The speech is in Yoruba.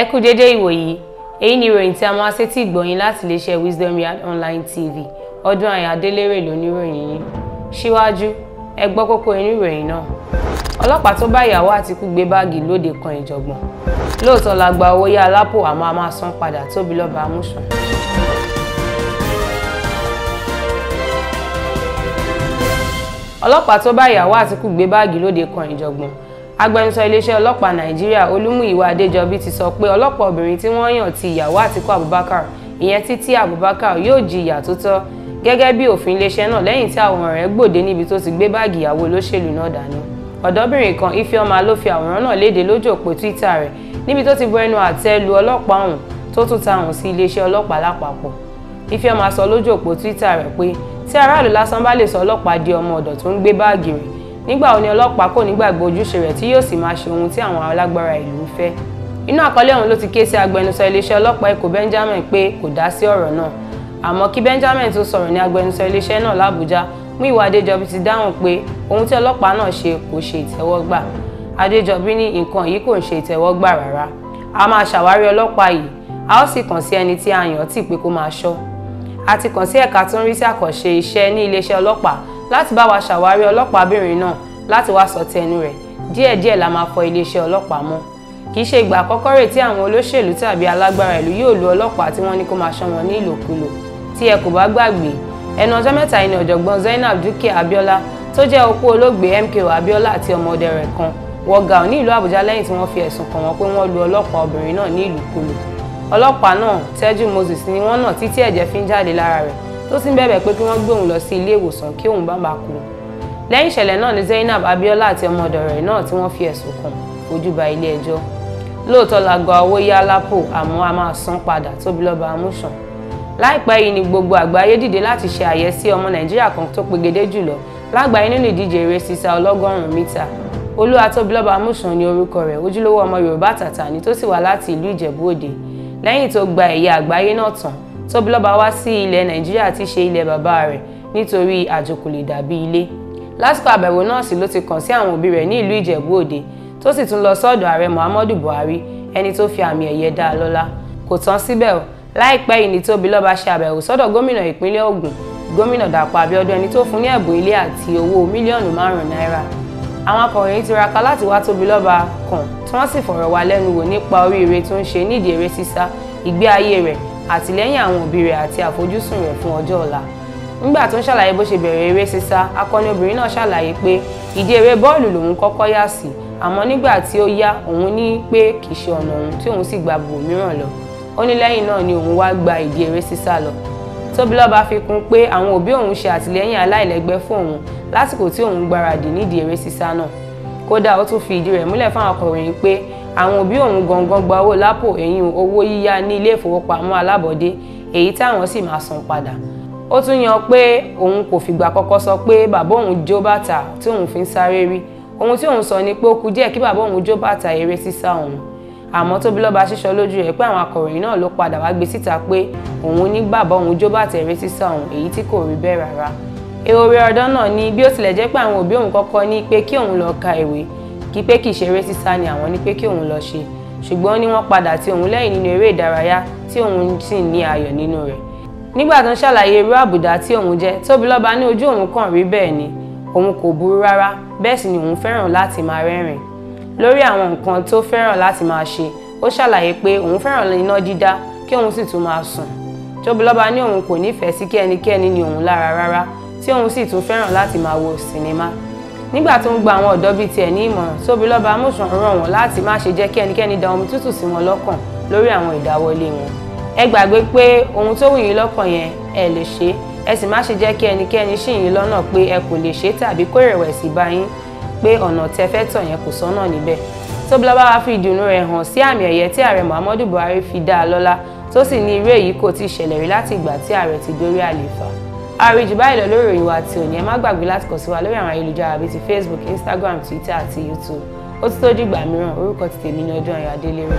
ẹ kú dédé ìwòyí èyí ni ìròyìn tí a máa ṣe tí ìgbọ̀yìn láti iléeṣẹ́ Wisdom Yard online tv ọdún àyà adélèrè lóníròyìn yìí síwájú ẹ gbọ́ kókó inú ìròyìn náà ọlọ́pàá tó bá ìyàwó Àtíkù gbé báàgì lóde kan ìjọ̀gbọ̀n lóòótọ́ la gba owó yá alápò àmọ́ a máa san padà Tóbilọ́ba Amúsàn. ọlọ́pàá tó bá ìyàwó Àtíkù gbé báàgì lóde kan ìjọ̀gbọ̀n agbẹnusọ iléeṣẹ́ ọlọ́pàá nàìjíríà olúmúyíwá adéjọbí ti sọ pé ọlọ́pàá obìnrin tí wọ́n yàn ti ìyàwó àtìkú abubakar ìyẹn títí abubakar yóò jìyà tó tọ́ gẹ́gẹ́ bí òfin iléeṣẹ́ náà lẹ́yìn tí àwọn ọ̀rẹ́ gbòde níbi tó ti gbé báàgì ìyàwó olóṣèlú náà dànù ọ̀dọ́bìnrin kan ifeoma ló fi àwòrán náà léde lójú òpó twitter rẹ̀ níbi tó ti bu ẹnu àtẹ́ lu ọlọ́pàá ọ̀hún tó tún ta ọ̀hún sí iléeṣẹ́ ọlọ́pàá lápapọ̀ ifeoma sọ lójú òpó twitter rẹ̀ pé tí aráàlú lásán bá lè sọ ọlọ́pàá di ọmọ ọ̀dọ̀ tó ń gbé báàgì rẹ̀ nígbà wo ni ọlọ́pàá kò ní gbàgbé ojúṣe rẹ̀ tí yóò sì máa ṣe ohun tí àwọn alágbára ìlú ń fẹ́ inú àkọlé ọ̀hún ló ti ké sí agbẹnusọ iléeṣẹ́ ọlọ́pàá èkó Benjamin pé kò dá sí ọ̀rọ̀ náà àmọ́ kí Benjamin tó sọ̀rọ̀ ní agbẹnusọ iléeṣẹ́ náà làbújá Múyìwá Adéjọbí ti dáhùn pé ohun tí ọlọ́pàá náà ṣe kò ṣe ìtẹ́wọ́gbà Adéjọbí ní nǹkan yìí kò ń ṣe ìtẹ́wọ́gbà rárá a máa ṣàwárí ọlọ́pàá yìí a ó sì kàn sí ẹni tí a yàn tì pé kó máa ṣọ́ a ti kàn sí ẹ̀ka tó ń rí sí àkànṣe iṣẹ́ ní iléeṣẹ́ ọlọ́pàá láti bá wa ṣàwárí ọlọ́pàábìnrin náà láti wá sọ ti ẹnu rẹ̀ díẹ̀díẹ̀ la máa fọ iléeṣẹ́ ọlọ́pàá mọ́ kì í ṣe ìgbà àkọ́kọ́ rẹ̀ tí àwọn olóṣèlú tàbí alágbára ìlú yóò lu ọlọ́pàá tí wọ́n ní kó máa ṣọ́ wọn ní ìlòkulò tí ẹ kò bá gbàgbé ẹnu ọjọ́ mẹ́ta ni ọ̀jọ̀gbọ́n Zainab Dukia Abiola tó jẹ́ opó olóògbé MKO Abiola àti ọmọdé rẹ̀ kan wọ gàù ní ìlú Àbújá lẹ́yìn tí wọ́n fi ẹ̀sùn kàn wọ́n pé wọ́n lu ọlọ́pàá obìnrin náà ní ìlòkulò ọlọ́pàá náà Tẹ́jú Moses ni wọ́n nà títí ẹ̀jẹ̀ fi ń jáde lára rẹ̀ tó sì ń bẹ̀bẹ̀ pé kí wọ́n gbé òun lọ sí ilé ìwòsàn kí òun bá bàa kú lẹ́yìn ìṣẹ̀lẹ̀ náà ni Zainab Abiola àti ọmọdọ̀ rẹ̀ náà tí wọ́n fi ẹ̀sùn kàn fojú ba ilé ẹjọ́ lóòótọ́ la gba owó yá lápò àmọ́ a máa san padà Tóbilọ́ba Amúsàn láìpẹ́ yìí ni gbogbo àgbáyé dìde láti ṣe àyẹ́sí ọmọ Nàìjíríà kan tó pegedé jùlọ lágbàáyé nínú ìdíje eré sísá ọlọ́gọ́rùn-ún mítà Olúwa Tóbilọ́ba Amúsàn ni orúkọ rẹ̀ ojúlówó ọmọ Yorùbá tàtà ni tó sì wá láti ìlú Ìjẹ̀bú Òde lẹ́yìn tó gba ẹ̀yẹ àgbáyé náà tán Tóbilọ́ba wá sí ilẹ̀ Nàìjíríà tí ṣe ilẹ̀ bàbá rẹ̀ nítorí àjò kò lè dàbí ilé lásìkò àbẹ̀wò náà sì ló ti kàn sí àwọn òbí rẹ̀ ní ìlú Ìjẹ̀bú Òde tó sì tún lọ sọ́dọ̀ ààrẹ Muhammadu Buhari ẹni tó fi àmì ẹ̀yẹ dá a lọ́lá kò tán síbẹ̀ o láìpẹ́ yìí ni Tóbilọ́ba ṣe àbẹ̀wò sọ́dọ̀ gómìnà ìpínlẹ̀ Ògùn gómìnà Dàpọ̀ Abíọ́dún ẹni tó fún ní ẹ̀bùn ilé àti owó mílíọ̀nù márùn-ún náírà àwọn akọ̀ròyìn yìí tiraka láti wá Tóbilọ́ba kàn tí wọ́n sì fọ̀rọ̀ wá lẹ́nu wò nípa oríire tó ń ṣe nídìí eré sísá ìgbé ayé rẹ̀ àtìlẹ́yìn àwọn òbí rẹ̀ àti àfojúsùn rẹ̀ fún ọjọ́ ọ̀la nígbà tó ń ṣàlàyé bó ṣe bẹ̀rẹ̀ eré sísá akọni obìnrin náà ṣàlàyé pé ìdí eré bọ́ọ̀lù lòun kọ́kọ́ yà sí àmọ́ nígbà tí ó yá òun ní pé kì í ṣe ọ̀nà òun tí òun sì gba bòmíràn lọ ó ní lẹ́yìn náà ni òun wá gba ìdí eré sísá lọ tóbilọ́ba fi kún pé àwọn òbí òun ṣe àtìlẹ́yìn aláìlẹ́gbẹ́ fún òun lásìkò tí òun gbáradì nídìí eré sísá náà kódà ó tún fi ìdí rẹ̀ múlẹ̀ fáwọn akọ̀ròyìn pé àwọn òbí òun gangan gba owó lápò ẹ̀yìn owó yíyá ní ilé ìfowópamọ́ alábọ̀dé èyí táwọn sì máa san padà ó tún yan pé òun kò fìgbà kọ́kọ́ sọ pé bàbá òun jó bàtà tí òun fi ń sáré rí ohun tí òun sọ ni pé ó kù díẹ̀ kí bàbá òun jó bàtà eré sísá òun àmọ́ Tóbilọ́ba ṣíṣọ lójú rẹ̀ pé àwọn akọ̀ròyìn náà ló padà wá gbé síta pé òun ní bàbá òun jó bàtà eré sísá òun èyí tí kò rí bẹ́ẹ̀ rárá èrò rẹ̀ ọ̀dọ́ náà ni bí ó tilẹ̀ jẹ́ pé àwọn òbí òun kọ́kọ́ ní pé kí òun lọ ka ìwé kí pé kì í ṣeré sísá ni àwọn ní pé kí òun lọ ṣe ṣùgbọ́n ní wọ́n padà tí òun lẹ́yìn nínú eré ìdárayá tí òun sì ní ayọ̀ nínú rẹ̀ nígbà tó ń ṣàlàyé irú àbùdá tí òun jẹ́ Tóbilọ́ba ní ojú òun kàn rí bẹ́ẹ̀ ni òun kò burú rárá bẹ́ẹ̀ sì ni òun fẹ́ràn láti máa rẹ́rìn lórí àwọn nǹkan tó fẹ́ràn láti máa ṣe ó ṣàlàyé pé òun fẹ́ràn iná dídá kí òun sì tún máa sùn Tóbilọ́ba ní òun kò nífẹ̀ẹ́ sí kí ẹnikẹ́ni òun lára rárá tí òun sì tún fẹ́ràn láti máa wo sinimá nígbà tó ń gba àwọn ọ̀dọ́ bíi tiẹ̀ ní ìmọ̀ràn Tóbilọ́ba Amósùn rọ̀ wọ́n láti má ṣe jẹ́ kí ẹnikẹ́ni da omi tútù sí wọn lọ́kàn lórí àwọn ìdáwọlé wọn ẹ gbàgbé pé ohun tó wù yín lọ́kàn yẹn ẹ lè ṣe ẹ sì má ṣe jẹ́ kí ẹnikẹ́ni ṣì yín lọ́nà pé ẹ kò lè ṣe tàbí kó ìrẹ̀wẹ̀sì bá yín pé ọ̀nà tẹ fẹ́ tọ̀ yẹn kò sọ́nà níbẹ̀ Tóbilọ́ba wá fi ìdùnnú rẹ̀ hàn sí àmì ẹ̀yẹ tí ààrẹ Muhammadu Buhari fi dá lọ́lá tó sì ní irú èyí kò ti ṣẹlẹ̀ rí láti ìgbà tí ààrẹ ti dórí àlééfà àríjù báyìí lọ lórí ìròyìn wa ti òní ẹ má gbàgbé láti kàn sí wa lórí àwọn ayélujára bíi ti Facebook Instagram Twitter àti YouTube ó ti tó dìgbà mìíràn orúkọ ti tèmi ní ọdún ayọ̀ adélérò.